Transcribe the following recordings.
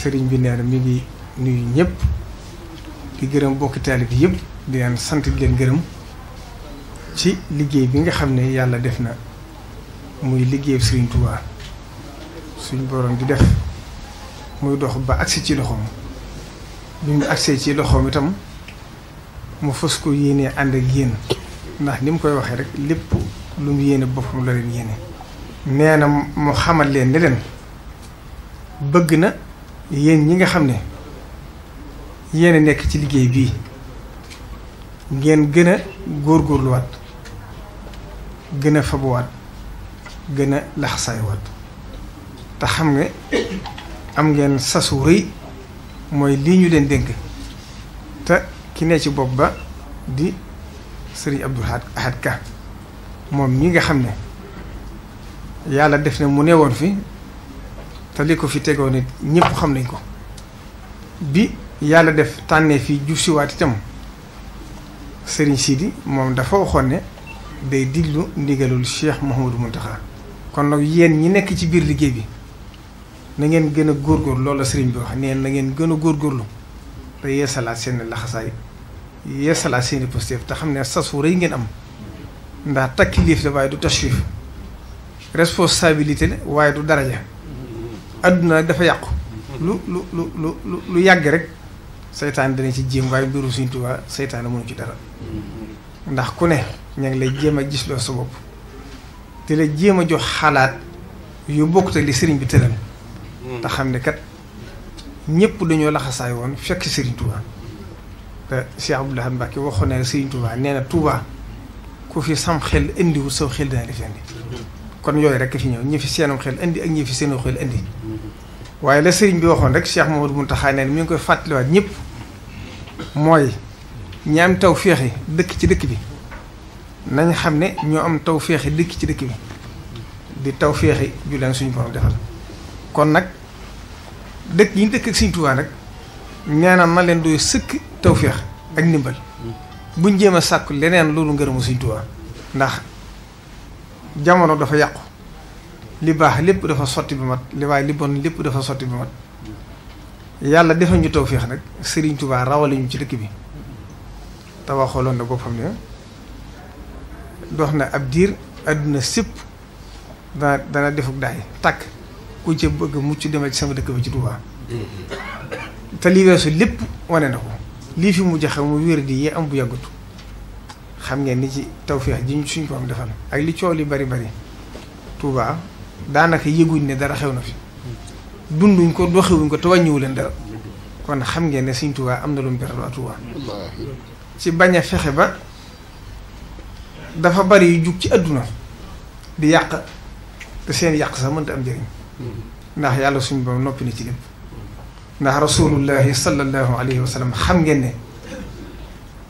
sëriñ bi nee na mi ngi nuyu ñëpp di gërëm bokki taalib yëpp di leen sant di gërëm ci liggéey bi nga xam ne yàlla def na muy liggéey sëriñ Touba suñu borom di def muy dox ba agsi ci loxoom bi mu agsee ci loxoom itam mu fës ko yéene ànd ak yéen ndax ni mu koy waxee rek lépp lu mu yéene boppam la leen yéene nee mu xamal leen ne leen bëgg na yéen ñi nga xam ne yéen a nekk ci liggéey bii ngeen gën a góor góorluwaat gën a fabuwaat gën a laxasaaywaat te xam nga am ngeen sasu rëy mooy lii ñu leen dénk te ki ne ci bopp ba di sëriñ Abdou Ahad Ka moom ñi nga xam ne yàlla def na mu woon fii te li ko fi tegoo nit ñëpp xam nañ ko bi yàlla def tànnee fii jub siwaat itam sëriñ Sidi moom dafa waxoon ne day diglu ndigalul Cheikh Mouhamadou Mountakha kon nag yéen ñi nekk ci biir liggéey bi na ngeen gën a góorgóorlu loolu la sëriñ bi wax neen na ngeen gën a góorgóorlu te yeesalaat seen laxasaay yeesalaat seen i positif te xam ne sas wu rëy ngeen am ndax takkiliif la waaye du tashriif responsabilité la waaye du daraja àdduna nag dafa yàqu lu lu lu lu lu yàgg rek seytaan dana ci jéem waaye mbiru Sëriñ Tuubaa seytaan mënu ci dara ndax ku ne ña ngi lay jéem a gisloo sa bopp te jéem a jox xalaat yu bokkut ak li sëriñ bi tëral te xam ne kat ñëpp dañoo laxasaay woon fekk Sëriñ Tuubaa bu Cheikh Abdoul Ahad Mbacké waxoon na ne Sëriñ Tuubaa nee na Tuubaa ku fi sam xel indiwul saw xel dana def indi kon yooyu rekk fi ñëw ñi fi seenum xel indi ak ñi fi seenu xel indi waaye la sëriñ bi waxoon rek Cheikh Mamadou Mountakha taxaanee mi ngi koy fàttaliwaat ñëpp mooy ñi am taw féexi dëkk ci dëkk bi nañ xam ne ñoo am taw féexi dëkk ci dëkk bi di taw féexi ju leen suñu borom defal kon nag dëkk yi dëkk ak Sëriñ Tuubaa nag ñaanam na leen doy sëkk taw féex ak ndimbal buñ jéem a sàkku leneen loolu ngërëmu Sëriñ Tuubaa ndax jamono dafa yàqu li baax lépp dafa sotti bi mat li waaye li bon lépp dafa sotti bi mat yàlla defal ñu feex nag sëriñ tubaa rawale ci dëkk bi te waxooloon na boppam ne dox na ab diir àdduna sépp dana dana defuk daay takk ku ci bëgg mucc demal ci sama dëkk bi ci Touba mm-hmm. te li weesu lépp wane na ko lii fi mu jaxe mu wér di yee am bu yàggutu xam ngeen ni ci tawféex ji suñ ko am defal ak li coow li bari bari Touba daanaka yëguñ ne dara xew na fi dunduñ ko doxewuñ ko te ñëw leen dara kon xam ngeen ne Sëñ Touba am na lu mu beral waa ci bañ a fexe ba dafa bari yu jug ci àdduna di yàq te seen yàq sax mënta am njëriñ ndax yàlla suñ boom noppi na ci lépp ndax rasulullahi sallallahu alayhi wa xam ngeen ne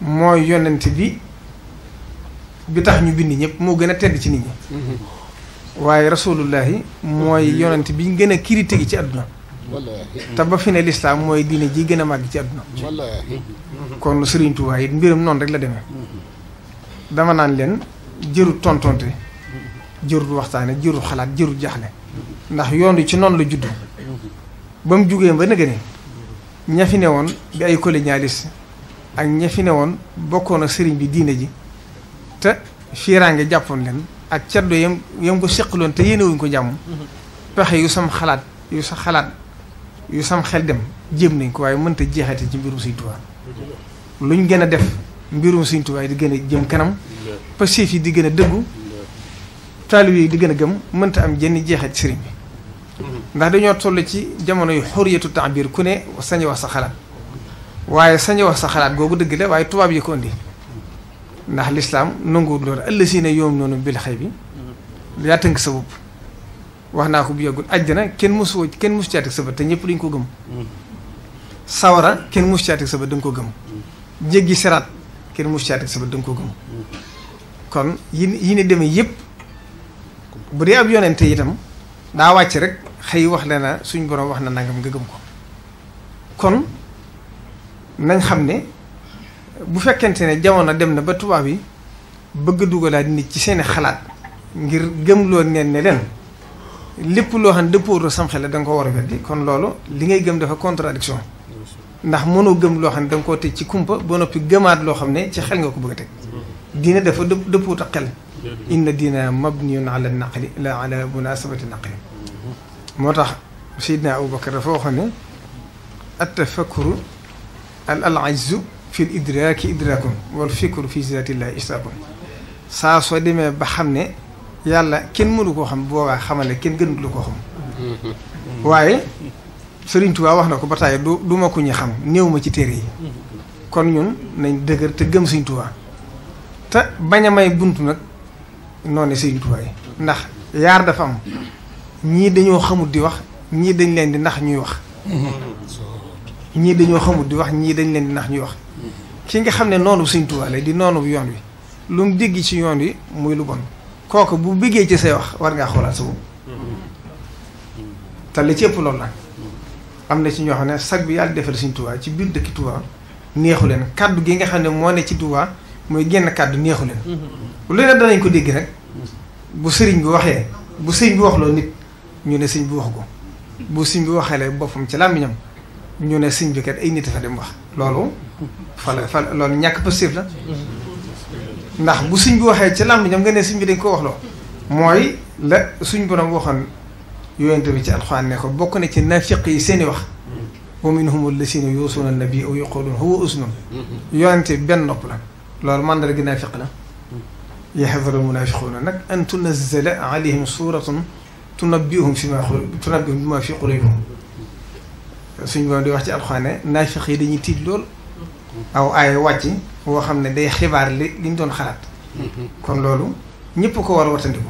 mooy yonent bi bi tax ñu bind ñëpp moo gën a tedd ci nit ñi waaye rasulullahi mooy yonent bi gën a kirite gi ci àdduna te ba fi ne lislaam mooy diine ji gën a màgg ci àdduna kon Sëriñ Tuubaa noonu rek la demee dama naan leen jërut tontonte jërut waxtaane jërut xalaat jërut jaxle ndax yoon wi ci noonu la judd ba mu jugee ba nëgëne ña fi ne woon bi ay colonialiste ak ña fi ne woon bokkoon ak sëriñ bi diine ji te fiiraange jàppoon leen ak ceddo yam yam ko seqaloon te yéenewuñ ko jàmm pexe yu sam xalaat yu sa xalaat yu sam xel dem jéem nañ ko waaye mënta jeexati ci mbirum Sëñ Tuubaa luñ gën a def mbirum Sëñ Tuubaa di gën a jëm kanam passif yi di gën a dëggu taalibe yi di gën a gëm mënta am jenn jeexati sëriñ bi ndax dañoo toll ci jamono yu xuriyatu taabir ku ne sañ wax sa xalaat waaye sañ wax sa xalaat googu dëgg la waaye tubaab yi ko indi ndax lislaam nanguwul loolu ëllësiina yoom noonu bil xëy bi yaa tënk sa bopp wax naa ko bu yàggul àjjana kenn mosu kenn mosu caatig sa bët te ñëpp dañ ko gëm sawara kenn mosu caatig sa bët da nga ko gëm kenn mosu caatig sa bët da nga kon yi yi ne demee yëpp bu dee ab yonente itam daa wàcc rek xëy wax le na suñ borom wax na nangam nga gëm ko kon nañ xam ne bu fekkente ne jamono dem na ba tubaab yi bëgg a dugalaat nit ci seeni xalaat ngir gëm gëmloo neen ne leen lépp loo xam ne dëppooroo sam xel da nga ko war a weddi kon loolu li ngay gëm dafa contradiction ndax mënoo gëm loo xam ne danga nga koo teg ci kumpa ba noppi gëmaat loo xam ne ci xel nga ko bëgg a teg diine dafa dëpp dëppoot ak xel inna diina mabniyun ala naqli la ala munasabati naqli moo tax Seydina Abubakar dafa waxoon ne at tafakkuru al ajzu fi l idraaki idraakum wal fikru fi zaatillahi istaakum saa soo demee ba xam ne yàlla kenn mënu koo xam boobaa xamale kenn gënut lu koo xam mm-hmm. waaye Sëriñ Tuubaa wax na ko ba tàyyi du duma ko ñu xam néew ma ci téere yi mm-hmm. kon ñun nañ dëgër te gëm Sëriñ Tuubaa te bañ a may bunt nag noonu Sëriñ Tuubaa yi ndax yaar dafa am ñii dañoo xamut di wax ñii dañ leen di ndax ñuy wax mm-hmm. ñii dañoo xamul di wax ñii dañ leen di nax ñuy wax mm-hmm. ki nga xam ne noonu Sëñ Tuubaa la di noonu yoon wi lu mu dégg ci yoon wi muy lu bon kooku bu bëggee ci say wax war ngaa xoolaat sa bopp mm-hmm. te li ci loolu la am na ci ñoo xam ne sag bi yàlla defal Sëñ Tuubaa ci biir dëkk Tuubaa neexu leen kàddu gi nga xam ne moo ne ci Tuubaa mooy génn kàddu neexu leen mm-hmm. lu ne danañ ko dégg nag bu sëriñ bi waxee bu sëriñ bi wax loo nit ñu ne sëñ bi wax ko bu sëriñ bi waxee boppam ci làmmiñam ñu ne sëñ bi kat ay nit fa dem wax loolu fa la fa loolu ñàkk positif la ndax bu sëñ bi waxee ci làmb ñoom nga ne sëñ bi dañ ko wax loo mooy la suñ borom waxoon yonent bi ci alxuraan ne ko bokk na ci nafiq yi seen i wax wa minhum allasina yuusuuna nabi aw yaquluuna huwa usnun yonent bi benn nopp la loolu mandarga naafiq la yaxdaru almunafiquuna nag an tunazala alayhim suratun tunabbihum fi ma tunabihum bi ma fi qulubihim suñ borom di wax ci alxuraan ne yi dañuy tiit lool aw ay wàcc woo xam ne day xibaar li li ñu doon xalaat kon loolu ñëpp ko war a wattandiku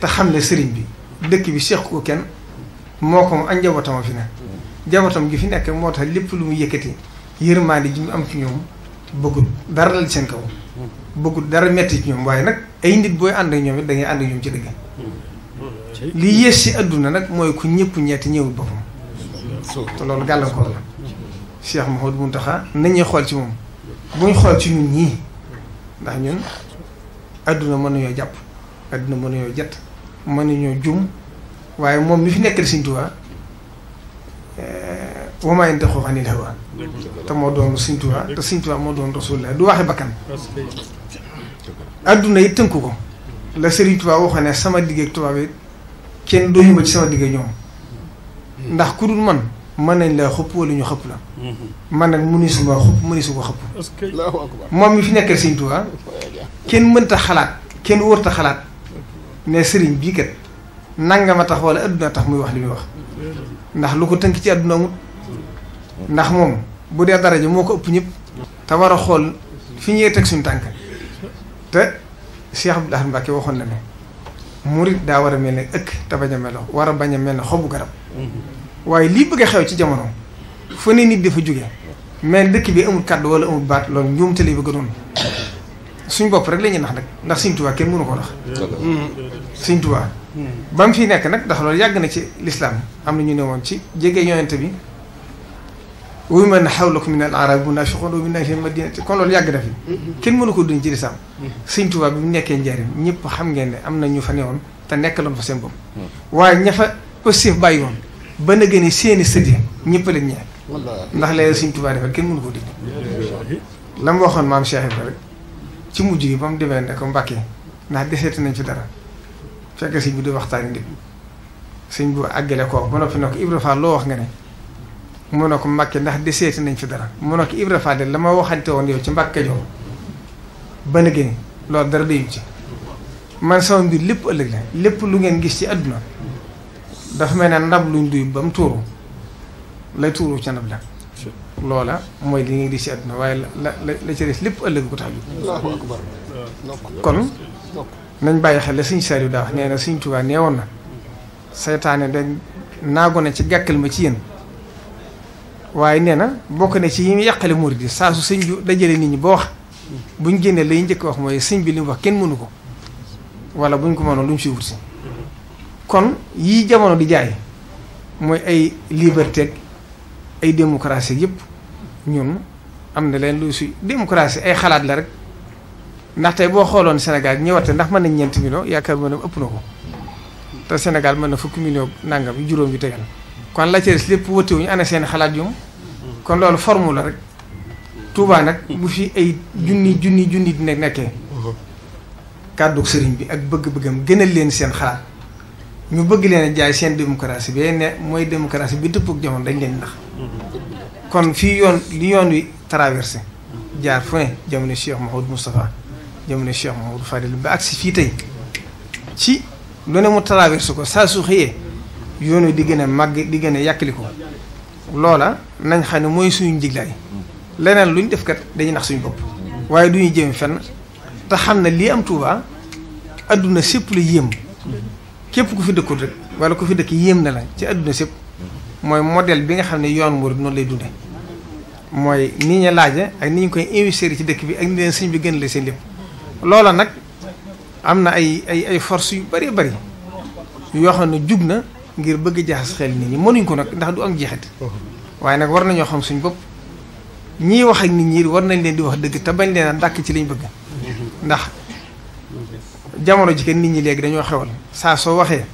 te xam ne sëriñ bi dëkk bi seex ko kenn moo ko ak njabootam fi ne njabootam gi fi nekk moo tax lépp lu mu yëkkati yërmaande ji mu am ci ñoom bëggul dara lal seen kaw bëggul dara metti ci ñoom waaye nag ay nit booy ànd ñoom it da ànd ak ñoom ci dëgg mm. li yées si àdduna nag mooy ku ñëpp ñetti ñëwul boppam te loolu gàllankoor la Cheikh Mouhamadou Mountakha nañuy xool ci moom buñ xool ci ñun ñii ndax ñun adduna mënuñoo jàpp adduna mënuñoo jett mënuñoo jum waaye moom mi fi nekk Sëriñ Tuubaa eh, wamaa yantiqu anil moo doon Sëriñ moo doon Rasulullah du waxe bakkan adduna yi tënku ne sama digg ak tubaab yi kenn doyuma ci sama digg ñoom ndax ku dul man mën nañ laa xëpp wala ñu xëpp la. man nag mëneesu ma xëpp mëneesu ko xëpp. moom mi fi nekkal Sëriñ Tuubaa kenn mënta xalaat kenn wërta xalaat ne sëriñ bii kat nanga ma tax wala adduna tax muy wax li muy wax ndax lu ko tënk ci adduna amut ndax moom bu dee daraja moo ko ëpp ñëpp. te war a xool fi ñuy teg suñu tànk te bi Abdoul Ahad Mbacké waxoon na ne murit daa war a mel ne ëkk te bañ a mel war a bañ a mel ne xobu garab. waaye lii bëgg xew ci jamono fu ne nit dafa jóge mais dëkk bi amul kàddu wala amul baat loolu ñoom tali bëgg doon suñ bopp rek la ñuy nax nag ndax Sëñ Tuubaa kenn mënu ko nax Sëñ Tuubaa ba mu fi nekk nag ndax loolu yàgg na ci lislaam am na ñu ne woon ci jege yonente bi wuyu ma ne xawlakum min al arab munafiqun wa min ahli madinati kon loolu yàgg na fi kenn mënu ko duñ ci lislaam Sëñ Tuubaa bi mu nekkee njariñ ñëpp xam ngeen ne am na ñu fa newoon te nekkaloon fa seen bopp hmm. waaye ña fa aussi bàyyi woon ba na gën seeni sëji ñëpp ñi ñaan ndax léegi suñ tubaab defal kenn mënu ko dégg la ma waxoon maam Cheikh Ibrahima rek ci mujj gi ba mu demee ne ko Mbàkke ndax deseeti nañ fi dara fekk si bi di waxtaan nit sëñ bu àggale ko ba noppi ne ko Ibra Fall loo wax nga ne mu ko Mbàkke ndax deseeti nañ fi dara mu ne de la ma waxante woon yow ci Mbàkke jox ba na loolu dara doyul ci man sama mbir lépp ëllëg la lépp lu ngeen gis ci àdduna dafa ma ne nab luñ duy ba mu tuuru lay tuuru ca nab la loola mooy li ñuy di ci àdduna waaye la la la ci lépp ëllëg ko tax ju kon nañ bàyyi xel la suñ saar daa wax nee na suñ Tuubaa nee woon na na ci gàkkal ma ci yéen waaye nee na bokk ne ci yi ñu yàqale murid yi saa su sëñ bi dajale nit ñi ba wax buñ génnee lay njëkk wax mooy siñ bi li wax kenn mënu ko wala buñ ko mënoon lu ñu si wut si kon yii jamono di jaay mooy ay liberté ay démocratie yëpp ñun am na leen lu si démocratie ay xalaat la rek ndaxte boo xooloon Sénégal ñëwate ndax mën nañ ñeenti million yaakaar mën na ëpp na ko te Sénégal mën na fukki million nangam yu juróom yu kon la ci des lépp wëtte wuñu ana seen xalaat ñoom kon loolu formule la rek Touba nag bu fi ay junni junni junni di nekkee kàddu sëriñ bi ak bëgg-bëggam gënal leen seen xalaat ñu bëgg leen a jaay seen démocratie bi ne mooy démocratie bi dëpp ak jamono dañ leen nax kon fii yoon li yoon wi traversé jaar fu ne jamono Cheikh Mouhamadou Moustapha jamono Cheikh Mouhamadou Fadil ba si fii tey ci lu ne mu traversé ko saa su xëyee yoon wi di gën a màgg di gën a yàkkali loola nañ xam ne mooy suñu njiglaay leneen lu ñu def kat dañuy nax suñu bopp waaye du ñu jëm fenn te xam ne lii am Tuuba adduna sépp lu yéem képp ku fi dëkkul wala ku fi dëkk yéem na la ci àdduna sépp mooy modèle bi nga xam ne yoon murid noonu lay dunde mooy ni ñu laaje ak ni ñu koy investir ci dëkk bi ak ni leen sëñ bi gën la seen lépp loola nag am na ay ay ay force yu bari bari yoo xam ne jug na ngir bëgg jaxas xel nit ñi mënuñ ko nag ndax du am jeexit waaye nag war nañoo xam suñ bopp ñii wax ak nit ñii war nañ leen di wax dëgg te bañ leen a ndàkk ci liñ bëgg ndax jamono ji kenn nit ñi léegi dañoo xewal saa soo waxee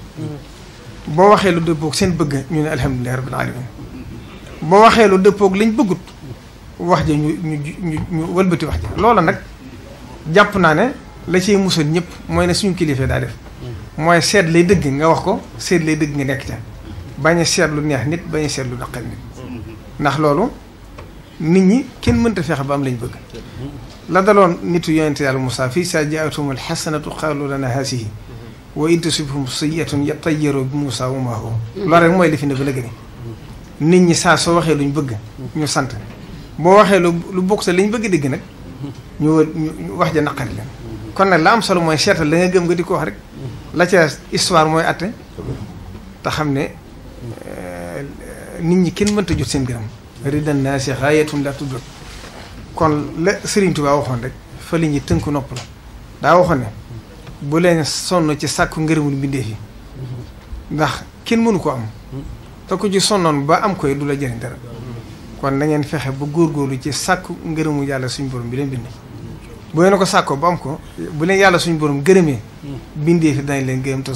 boo waxee lu dëppoog seen bëgg ñu ne alhamdulilah rabbil alamin boo waxee lu dëppook lañ bëggut wax ja ñu ñu ñu ñu wëlbati wax ja loola nag jàpp naa ne la ciy musal ñëpp mooy ne suñu kilifee daa def mooy seet lay dëgg nga wax ko seet lay dëgg nga nekk ca bañ a seet lu neex nit bañ a seet lu naqal nit ndax loolu nit ñi kenn mënta fexe ba am lañ bëgg la daloon nitu yonente yàlla Moussa fii sa jaatumul xasanatu xaalu lana haasihi wa in tusibhum sayyi'atun yattayyaru bi Moussa wa maa huwa loolu rek mooy li fi ne ba la nit ñi saa soo waxee luñ bëgg ñu sant boo waxee lu lu bokk sa liñ bëgg dégg nag ñu wax ja naqari leen kon nag la am solo mooy seetal la nga gëm nga di ko wax rek la ca histoire mooy ate te xam ne nit ñi kenn mënta jot seen gërëm ridan naasi xaayatun la tudd kon la Serigne Touba waxoon rek fa li ñuy tënk nopp la daa waxoon ne bu leen sonn ci sàkk ngërëmul mbindeef yi ndax kenn mënu ko am te ko ci sonnoon ba am koy du la jëriñ dara kon na ngeen fexe ba góorlu ci sàkku ngërëmu yàlla suñu borom bi leen bind bu ngeen ko sàkkoo ba am ko bu leen yàlla suñu borom gërëmee bindee fi dañ leen gërëm te